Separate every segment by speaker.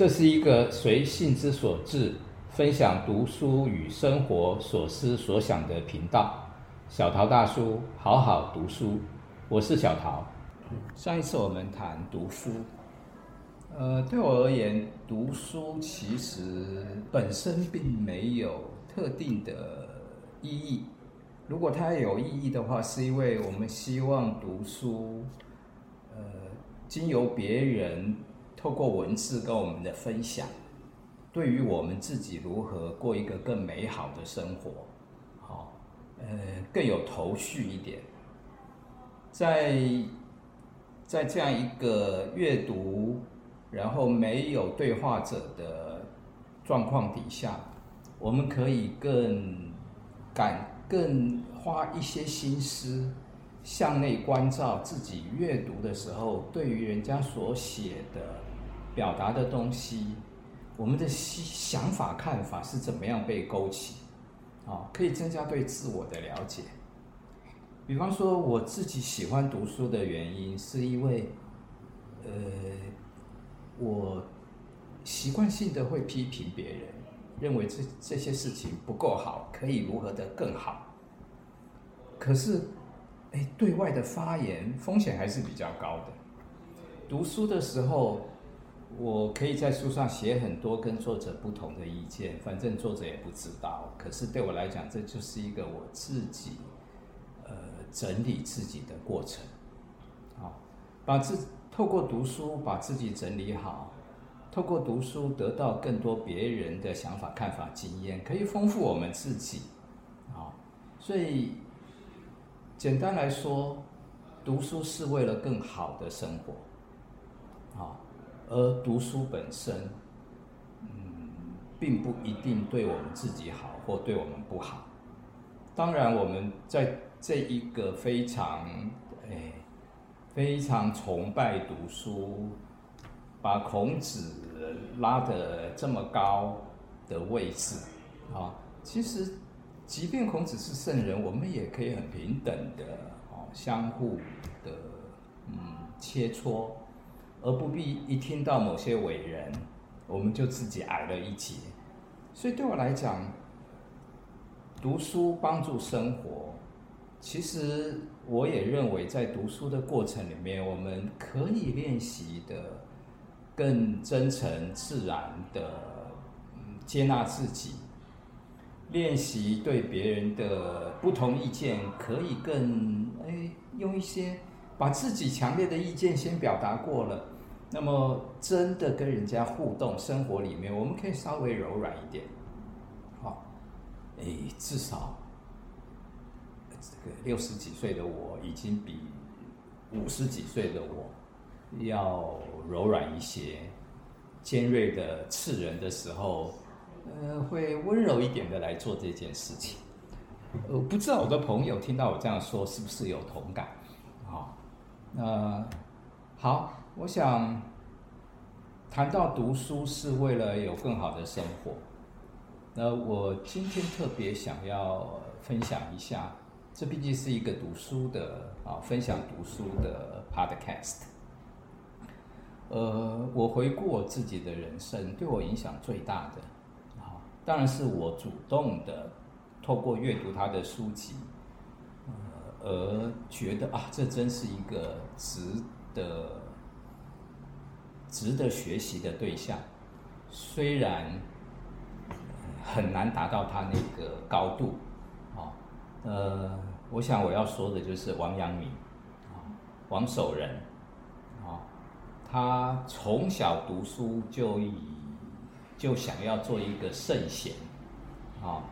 Speaker 1: 這是一個隨性之所至、分享讀書與生活所思所想的頻道。小桃大叔，好好讀書，我是小桃。上一次我們談讀書，呃，對我而言，讀書其實本身並沒有特定的意義。如果它有意義的話，是因為我們希望讀書，呃，經由別人。透過文字跟我們的分享，對於我們自己如何過一個更美好的生活，好、哦，呃，更有頭緒一點，在在這樣一個閱讀，然後沒有對話者的狀況底下，我們可以更敢更花一些心思，向內觀照自己，閱讀的時候，對於人家所寫的。表達的東西，我們的想法看法是怎麼樣被勾起？啊，可以增加對自我的了解。比方說，我自己喜歡讀書的原因，是因為，呃，我習慣性的會批評別人，認為這這些事情不夠好，可以如何的更好。可是，誒，對外的發言風險還是比較高的。讀書的時候，我可以在書上寫很多跟作者不同的意見，反正作者也不知道。可是對我來講，這就是一個我自己，呃，整理自己的過程。好，把自透過讀書把自己整理好，透過讀書得到更多別人的想法、看法、經驗，可以豐富我們自己。好，所以簡單來說，讀書是為了更好的生活。好。而讀書本身，嗯，並不一定對我們自己好，或對我們不好。當然，我們在這一個非常，哎，非常崇拜讀書，把孔子拉得這麼高的位置，啊、哦，其實，即便孔子是聖人，我們也可以很平等的，哦，相互的，嗯，切磋。而不必一聽到某些偉人，我們就自己矮了一截。所以對我來講，讀書幫助生活。其實我也認為，在讀書的過程裡面，我們可以練習的更真誠、自然的接納自己，練習對別人的不同意見可以更，哎，用一些把自己強烈的意見先表達過了。那麼，真的跟人家互動，生活裡面，我們可以稍微柔軟一點，好、哦，哎、欸，至少這個六十幾歲的我已經比五十幾歲的我，要柔軟一些，尖銳的刺人的時候，呃，會溫柔一點的來做這件事情。呃，不知道我的朋友聽到我這樣說是不是有同感？啊、哦，那好。我想談到讀書是為了有更好的生活。那我今天特別想要分享一下，這畢竟是一個讀書的啊、哦，分享讀書的 podcast。呃，我回顧我自己的人生，對我影響最大的啊、哦，當然是我主動的透過閱讀他的書籍，呃，而覺得啊，這真是一個值得。值得學習的對象，雖然很難達到他那個高度，啊，呃，我想我要說的就是王陽明，啊，王守仁，啊，他從小讀書就以就想要做一個聖賢，啊，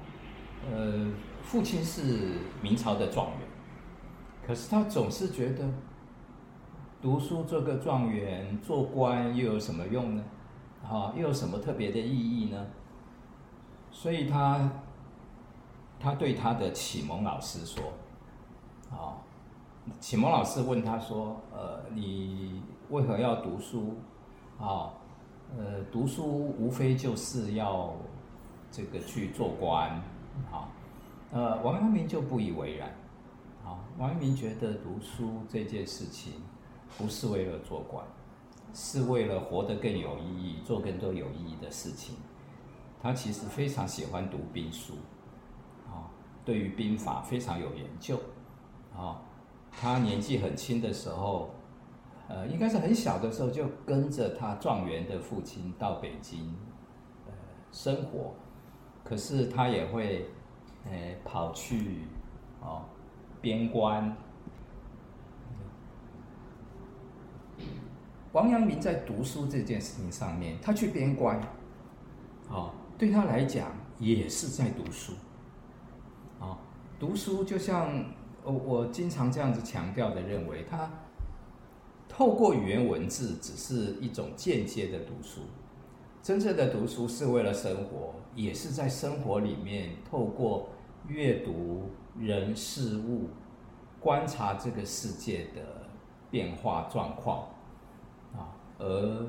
Speaker 1: 呃，父親是明朝的狀元，可是他總是覺得。讀書做個狀元，做官又有什麼用呢？好、哦，又有什麼特別的意義呢？所以他，他對他的啟蒙老師說：“啊、哦，啟蒙老師問他說，呃，你為何要讀書？啊、哦，呃，讀書無非就是要這個去做官。啊、哦，呃，王陽明就不以為然。啊、哦，王陽明覺得讀書這件事情。”不是為了做官，是為了活得更有意義，做更多有意義的事情。他其實非常喜歡讀兵書，啊，對於兵法非常有研究，啊，他年紀很輕的時候，呃，應該是很小的時候就跟着他狀元的父親到北京，呃，生活，可是他也會，呃，跑去，哦，呃，邊關。王陽明在讀書這件事情上面，他去邊關，啊，對他來講也是在讀書，啊，讀書就像我我經常這樣子強調的，認為他透過語言文字只是一種間接的讀書，真正的讀書是為了生活，也是在生活裡面透過閱讀人事物，觀察這個世界的變化狀況。而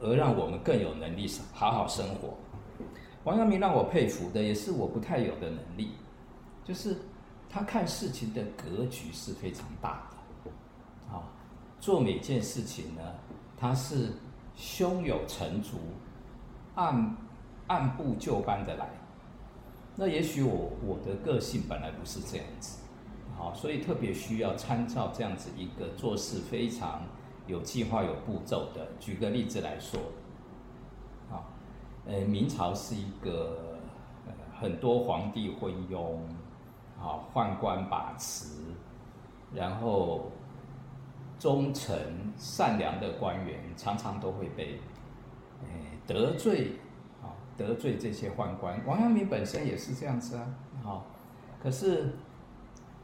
Speaker 1: 而讓我們更有能力好好生活。王陽明讓我佩服的也是我不太有的能力，就是他看事情的格局是非常大的。啊，做每件事情呢，他是胸有成竹，按按部就班的來。那也許我我的個性本來不是這樣子，好，所以特別需要參照這樣子一個做事非常。有計劃、有步驟的。舉個例子來說，啊，呃，明朝是一個很多皇帝昏庸，啊，宦官把持，然後忠誠、善良的官員常常都會被，呃，得罪，啊，得罪這些宦官。王陽明本身也是這樣子啊，好，可是。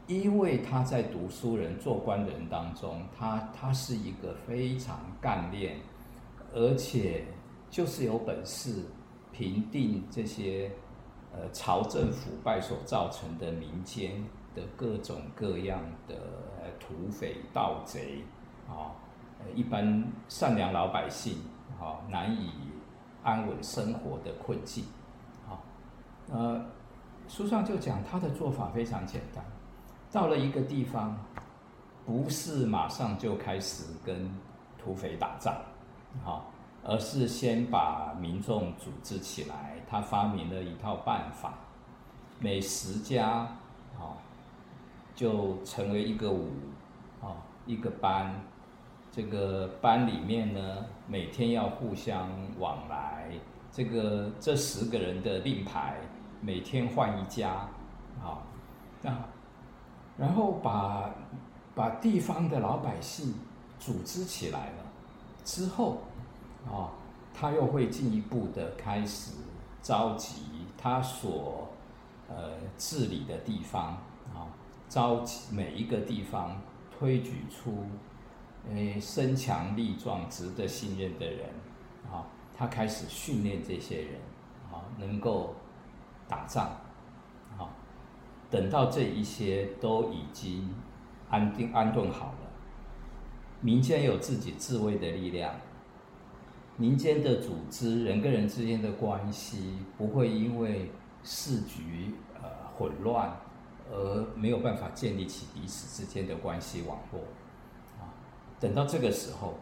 Speaker 1: 因為他在讀書人、做官人當中，他他是一個非常幹練，而且就是有本事平定這些呃朝政腐敗所造成的民間的各種各樣的呃土匪、盜賊啊、哦，一般善良老百姓啊、哦、難以安穩生活的困境啊、哦。呃，書上就講他的做法非常簡單。到了一個地方，不是馬上就開始跟土匪打仗，啊、哦，而是先把民眾組織起來。他發明了一套辦法，每十家啊、哦，就成為一個伍，啊、哦，一個班。這個班裡面呢，每天要互相往來。這個這十個人的令牌，每天換一家，啊、哦，那。然後把把地方的老百姓組織起來了之後，啊、哦，他又會進一步的開始召集他所呃治理的地方啊、哦，召集每一個地方推舉出誒、哎、身強力壯、值得信任的人啊、哦，他開始訓練這些人啊、哦，能夠打仗。等到這一些都已經安定安頓好了，民間有自己自衛的力量，民間的組織，人跟人之間的關係不會因為時局呃混亂而沒有辦法建立起彼此之間的關係網絡啊。等到這個時候，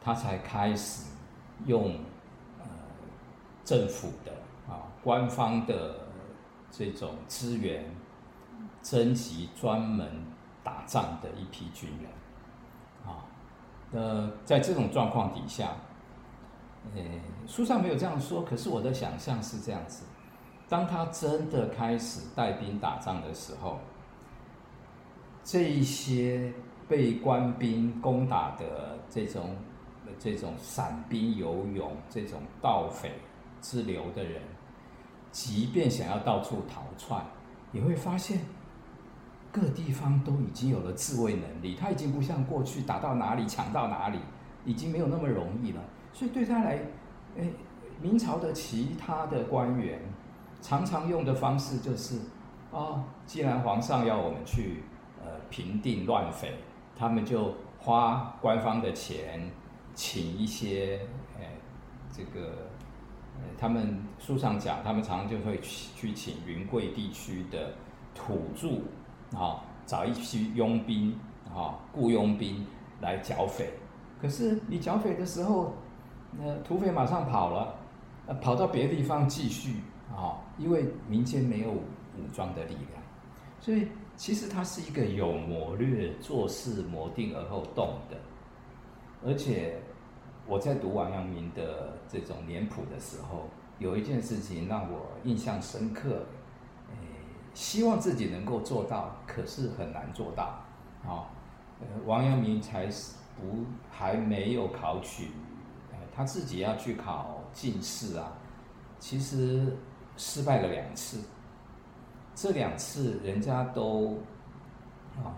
Speaker 1: 他才開始用呃政府的啊官方的這種資源。徵集專門打仗的一批軍人啊，那在這種狀況底下，呃、欸，書上沒有這樣說，可是我的想象是這樣子：當他真的開始帶兵打仗的時候，這一些被官兵攻打的這種、這種散兵游勇、這種盜匪之流的人，即便想要到處逃竄，也會發現。各地方都已經有了自衛能力，他已經不像過去打到哪裡搶到哪裡，已經沒有那麼容易了。所以對他來，哎，明朝的其他的官員常常用的方式就是，哦，既然皇上要我們去呃平定亂匪，他們就花官方的錢請一些哎這個誒，他們書上講，他們常常就會去去請雲貴地區的土著。啊、哦，找一批傭兵，啊、哦，僱傭兵來剿匪。可是你剿匪的時候，那、呃、土匪馬上跑了、呃，跑到別的地方繼續啊、哦，因為民間沒有武裝的力量，所以其實他是一個有謀略、做事謀定而後動的。而且我在讀王陽明的這種年譜的時候，有一件事情讓我印象深刻。希望自己能夠做到，可是很難做到。啊、哦呃，王陽明才不還沒有考取、哎，他自己要去考進士啊，其實失敗了兩次。這兩次人家都，啊、哦，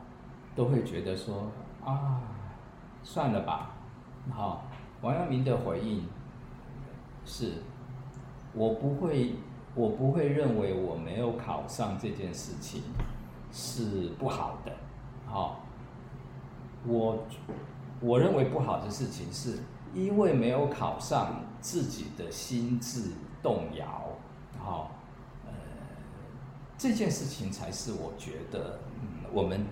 Speaker 1: 都會覺得說啊，算了吧。好、哦，王陽明的回應是，我不會。我不會認為我沒有考上這件事情是不好的，好、哦，我我認為不好的事情是因為沒有考上，自己的心智動搖，好、哦，呃，這件事情才是我覺得，嗯，我們，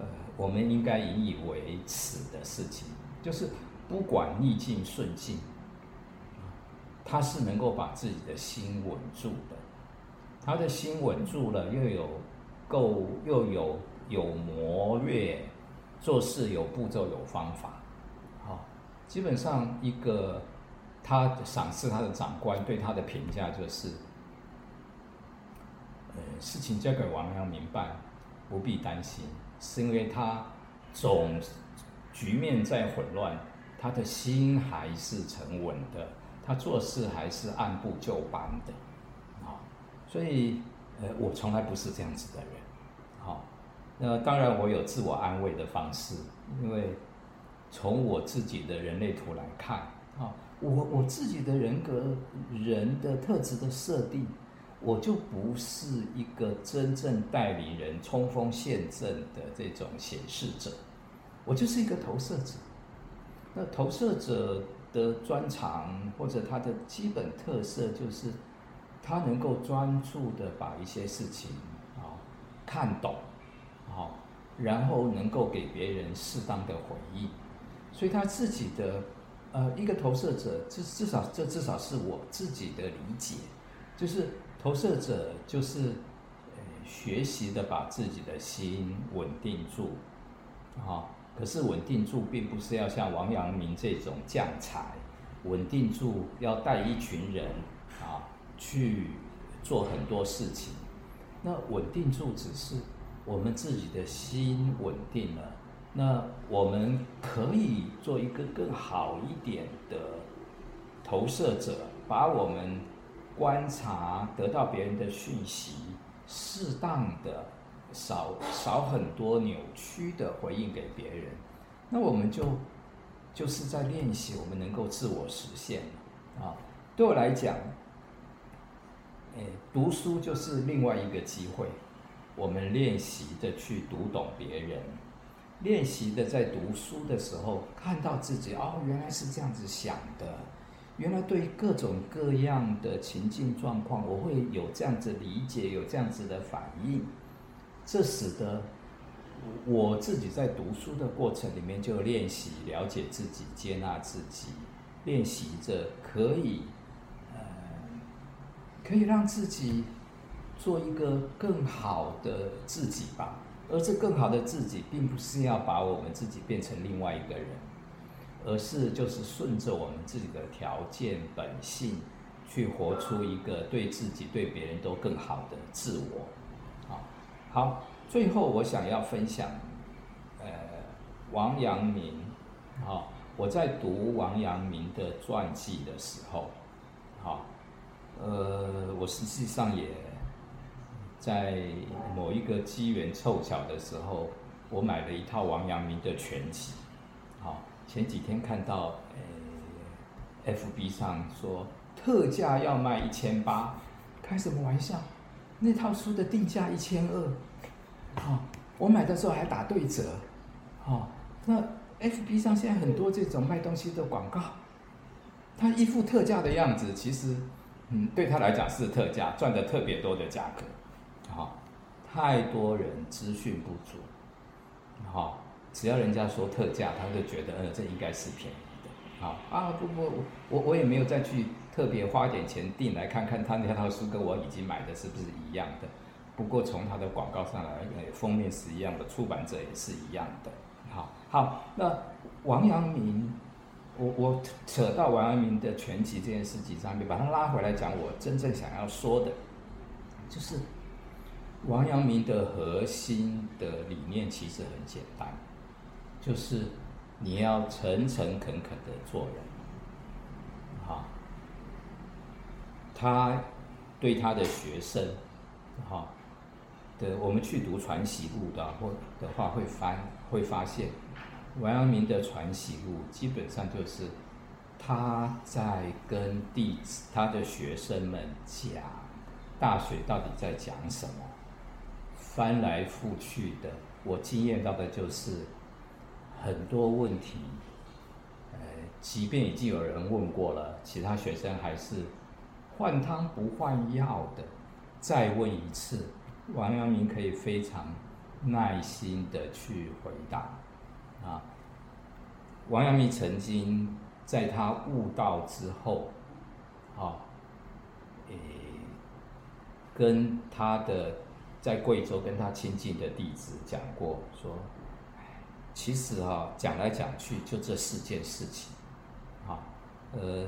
Speaker 1: 呃，我們應該引以為恥的事情，就是不管逆境順境，他是能夠把自己的心穩住的，他的心穩住了，又有夠，又有有謀略，做事有步驟、有方法。好，基本上一個他賞識他的長官對他的評價就是、嗯：事情交給王陽明辦，不必擔心，是因為他總局面在混亂，他的心還是沉穩的。他做事還是按部就班的，啊，所以，呃，我從來不是這樣子的人，好，那當然我有自我安慰的方式，因為從我自己的人類圖來看，啊，我我自己的人格人的特質的設定，我就不是一個真正代理人衝鋒陷陣的這種顯示者，我就是一個投射者，那投射者的專長或者他的基本特色，就是他能夠專注的把一些事情啊、哦、看懂，啊、哦，然後能夠給別人適當的回應。所以他自己的呃一個投射者，至至少這至少是我自己的理解，就是投射者就是、呃、學習的把自己的心穩定住，啊、哦。可是穩定住，並不是要像王陽明這種將才，穩定住要帶一群人啊去做很多事情。那穩定住只是我們自己的心穩定了，那我們可以做一個更好一點的投射者，把我們觀察得到別人的訊息，適當的。少少很多扭曲的回應給別人，
Speaker 2: 那我們就
Speaker 1: 就是在練習，我們能夠自我實現啊。對我來講，誒，讀書就是另外一個機會，我們練習的去讀懂別人，練習的在讀書的時候看到自己哦，原來是這樣子想的，原來對各種各樣的情境狀況，我會有這樣子理解，有這樣子的反應。這使得我自己在讀書的過程裡面就練習了解自己、接納自己，練習着可以，呃，可以讓自己做一個更好的自己吧。而這更好的自己，並不是要把我們自己變成另外一個人，而是就是順着我們自己的條件本性，去活出一個對自己、對別人都更好的自我。好，最後我想要分享，呃，王陽明，啊、哦，我在讀王陽明的傳記的時候，啊、哦，呃，我實際上也，在某一個機緣湊巧的時候，我買了一套王陽明的全集，啊、哦，前幾天看到，呃，FB 上說特價要賣一千八，開什麼玩笑？那套書的定價一千二，好，我買的時候還打對折，好、哦。那 FB 上現在很多這種賣東西的廣告，他一副特價的樣子，其實，嗯，對他來講是特價，賺得特別多的價格，好、哦。太多人資訊不足，好、哦，只要人家說特價，他就覺得，嗯、呃，這應該是便宜的，好、哦、啊，不不我我也沒有再去。特別花點錢訂來看看他那套書，跟我已經買的是不是一樣的？不過從他的廣告上來，哎，封面是一樣的，出版者也是一樣的。好，好，那王陽明，我我扯到王陽明的全集這件事情上面，把他拉回來講，我真正想要說的，就是王陽明的核心的理念其實很簡單，就是你要誠誠懇懇的做人。他對他的學生，哈的，我們去讀《傳習錄》的，或的話會翻會發現，王陽明的《傳習錄》基本上就是他在跟弟子、他的學生們講大學到底在講什麼，翻來覆去的。我經驗到的就是很多問題，呃，即便已經有人問過了，其他學生還是，換湯不換藥的，再問一次，王陽明可以非常耐心的去回答。啊，王陽明曾經在他悟道之後，誒，跟他的在貴州跟他親近的弟子講過，說，其實啊，講來講去就這四件事情，啊，呃。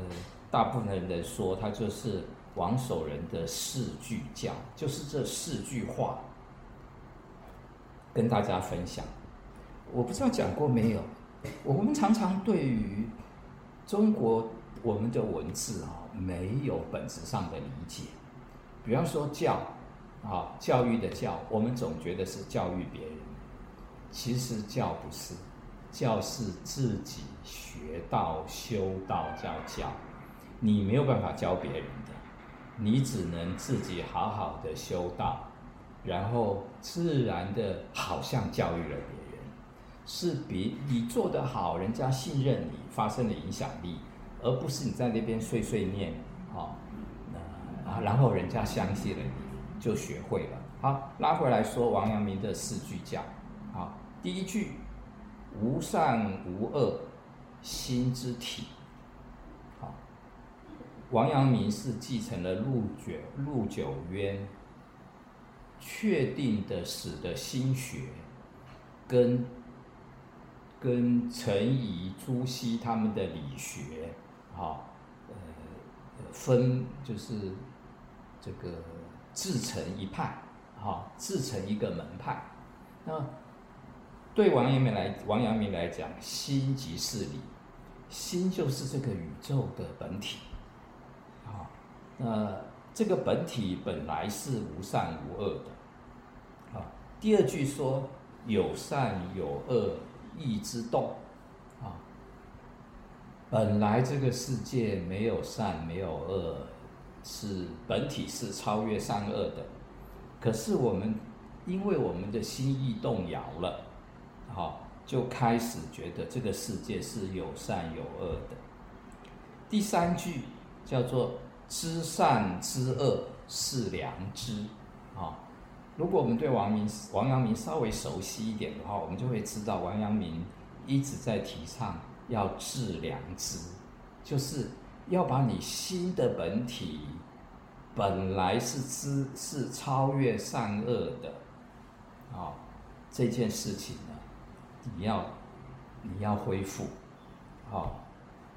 Speaker 1: 大部分人來說，他就是王守仁的四句教，就是這四句話跟大家分享。我不知道講過沒有。我們常常對於中國我們的文字啊、哦，沒有本質上的理解。比方說“教”，啊，“教育”的“教”，我們總覺得是教育別人，其實“教”不是，“教”是自己學到、修到叫“教”。你沒有辦法教別人的，你只能自己好好的修道，然後自然的好像教育了別人，是比你做得好，人家信任你，發生了影響力，而不是你在那邊碎碎念，啊、哦，那，然後人家相信了，你就學會了。好，拉回來說王陽明的四句教，啊，第一句，無善無惡心之體。王陽明是繼承了陸陸九淵確定的“死”的心學，跟跟程頤、朱熹他們的理學，好、哦，呃，分就是這個自成一派，好、哦，自成一個門派。那對王陽明來王陽明來講，心即是理，心就是這個宇宙的本體。呃，這個本體本來是無善無惡的，啊、哦。第二句說有善有惡，意之動，啊、哦。本來這個世界沒有善沒有惡，是本體是超越善惡的。可是我們因為我們的心意動搖了，好、哦，就開始覺得這個世界是有善有惡的。第三句叫做。知善知惡是良知，啊、哦，如果我們對王陽明、王陽明稍微熟悉一點的話、哦，我們就會知道王陽明一直在提倡要致良知，就是要把你心的本體本來是知是超越善惡的，啊、哦，這件事情呢，你要你要恢復，啊、哦，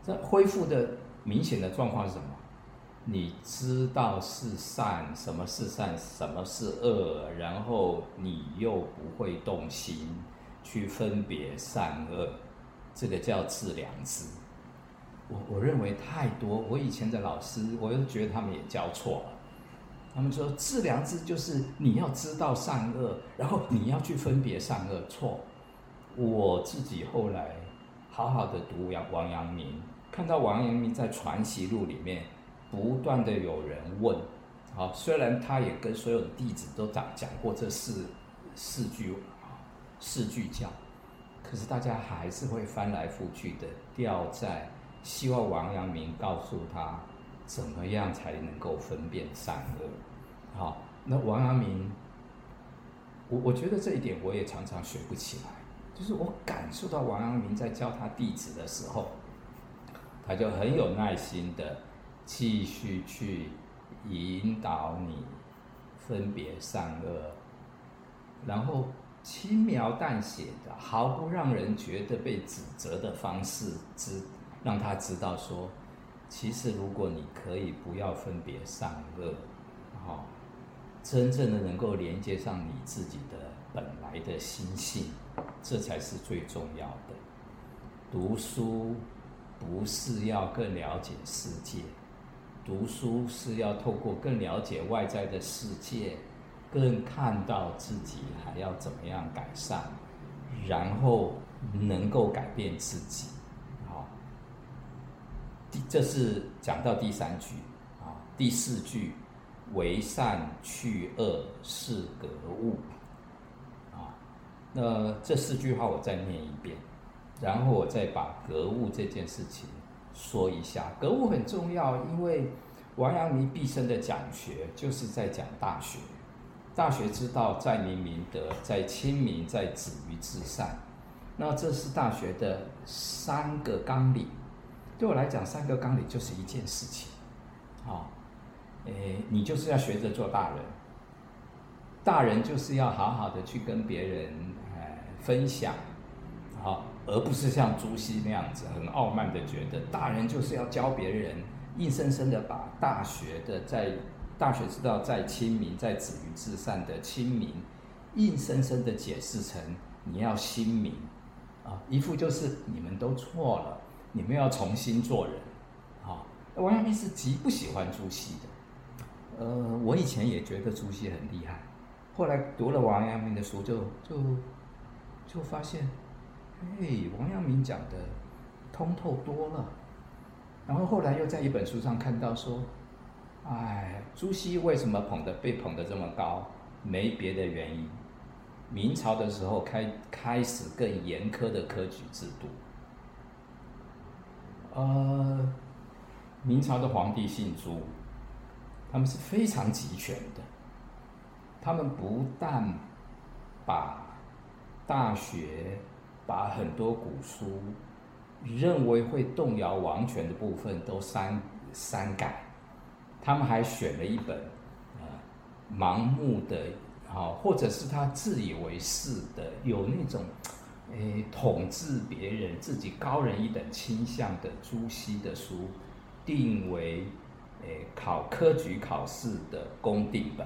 Speaker 1: 這恢復的明顯的狀況是什麼？你知道是善，什麼是善，什麼是惡，然後你又不會動心去分別善惡，這個叫致良知。我我認為太多，我以前的老師，我又覺得他們也教錯了。他們說致良知就是你要知道善惡，然後你要去分別善惡，錯。我自己後來好好的讀王陽明，看到王陽明在《傳習錄》裡面。不斷的有人問，好，雖然他也跟所有的弟子都講講過這四四句啊四句教，可是大家還是會翻來覆去的掉在希望王陽明告訴他怎麼樣才能夠分辨善惡。好，那王陽明，我我覺得這一點我也常常學不起來，就是我感受到王陽明在教他弟子的時候，他就很有耐心的。繼續去引導你分別善惡，然後輕描淡寫的、毫不讓人覺得被指責的方式，讓他知道說，其實如果你可以不要分別善惡，啊，真正的能夠連接上你自己的本來的心性，這才是最重要的。讀書不是要更了解世界。讀書是要透過更了解外在的世界，更看到自己還要怎麼樣改善，然後能夠改變自己。好、哦，第這是講到第三句啊、哦，第四句為善去惡是格物。啊、哦，那這四句話我再念一遍，然後我再把格物這件事情說一下，格物很重要，因為王陽明畢生的講學就是在講大學《大學》。《大學》之道在明明德，在親民，在止於至善。那這是《大學》的三個綱領。對我來講，三個綱領就是一件事情。啊、哦，誒，你就是要學着做大人。大人就是要好好的去跟別人、呃、分享。而不是像朱熹那樣子很傲慢的覺得大人就是要教別人，硬生生的把《大學》的在《大學之道》在親民在親民在止於至善的親民，硬生生的解釋成你要親民，啊，一副就是你們都錯了，你們要重新做人，啊，王陽明是極不喜歡朱熹的，呃，我以前也覺得朱熹很厲害，後來讀了王陽明的書就就就發現。哎，王陽明講的通透多了。然後後來又在一本書上看到說，哎，朱熹為什麼捧得被捧得這麼高？沒別的原因，明朝的時候開開始更嚴苛的科舉制度。呃，明朝的皇帝姓朱，他們是非常集權的，他們不但把大學。把很多古書認為會動搖王權的部分都刪刪改，他們還選了一本啊、呃、盲目的啊、哦、或者是他自以為是的，有那種誒、哎、統治別人、自己高人一等傾向的朱熹的書，定為誒、哎、考科舉考試的工地本。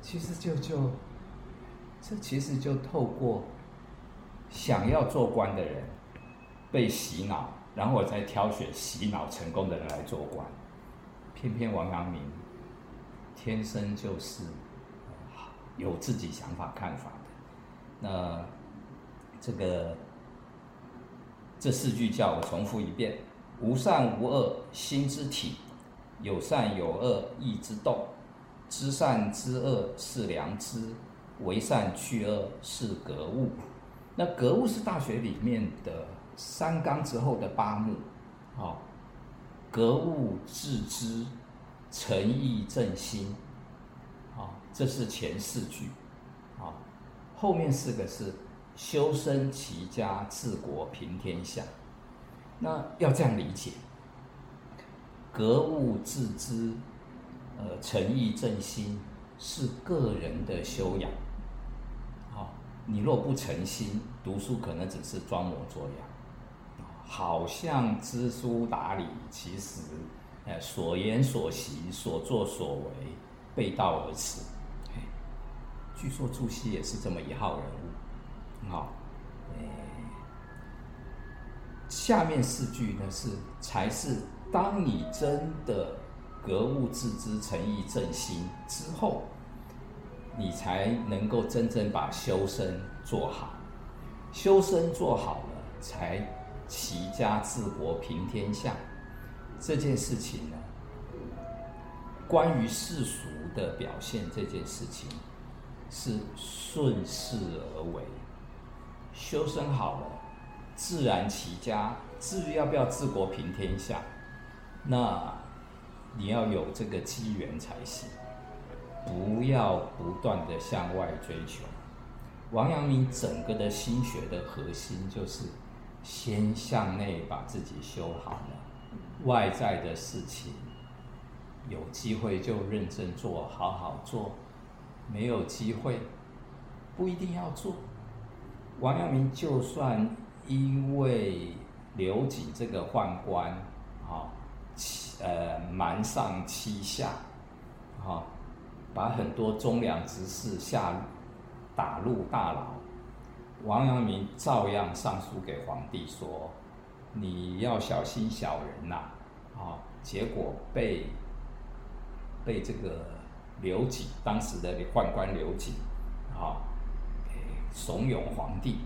Speaker 1: 其實就就這，其實就透過。想要做官的人被洗腦，然後我再挑選洗腦成功的人來做官。偏偏王陽明天生就是有自己想法看法的。那這個這四句教我重複一遍：無善無惡心之體，有善有惡意之動，知善知惡是良知，為善去惡是格物。那格物是大學裡面的三綱之後的八目，啊、哦、格物致知、誠意正心，啊、哦，這是前四句，啊、哦，後面四個是修身齊家治國平天下。那要這樣理解，格物致知、呃，誠意正心是個人的修養。你若不誠心讀書，可能只是裝模作樣，好像知書達理，其實，呃，所言所行所作所為背道而馳。據說朱熹也是這麼一號人物，好，哦，下面四句呢，是才是當你真的格物致知、誠意正心之後。你才能夠真正把修身做好，修身做好了，才齊家治國平天下。這件事情呢，關於世俗的表現，這件事情是順勢而為。修身好了，自然齊家。至於要不要治國平天下，那你要有這個機緣才行。不要不斷的向外追求。王陽明整個的心學的核心就是，先向內把自己修好了，外在的事情，有機會就認真做，好好做；沒有機會，不一定要做。王陽明就算因為劉瑾這個宦官，哈、欺，呃，瞞上欺下，哈、哦。把很多忠良之士下打入大牢，王陽明照樣上書給皇帝說：“你要小心小人吶！”啊，結果被被這個劉瑾，當時的宦官劉瑾啊慫恿皇帝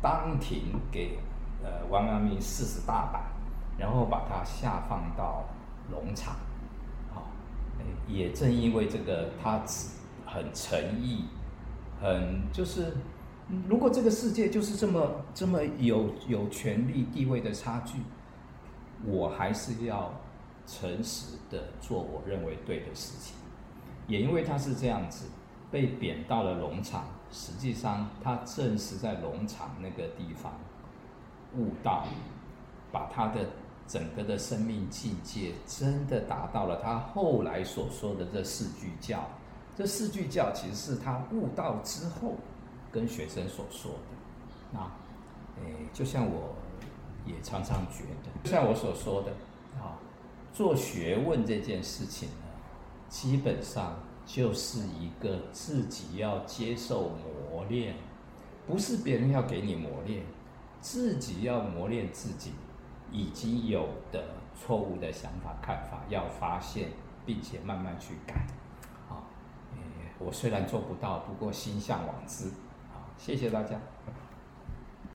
Speaker 1: 當庭給呃王陽明四十大板，然後把他下放到龍場。也正因為這個，他很誠意，很就是，如果這個世界就是這麼這麼有有權力、地位的差距，我還是要誠實的做我認為對的事情。也因為他是這樣子，被貶到了農場。實際上，他正是在農場那個地方悟到，把他的。整個的生命境界真的達到了，他後來所說的這四句教，這四句教其實是他悟道之後跟學生所說的。啊，誒、欸，就像我也常常覺得，就像我所說的啊，做學問這件事情呢，基本上就是一個自己要接受磨練，不是別人要給你磨練，自己要磨練自己。已經有的錯誤的想法看法，要發現，並且慢慢去改。好，哦，我雖然做不到，不過心嚮往之。好，哦，謝謝大家。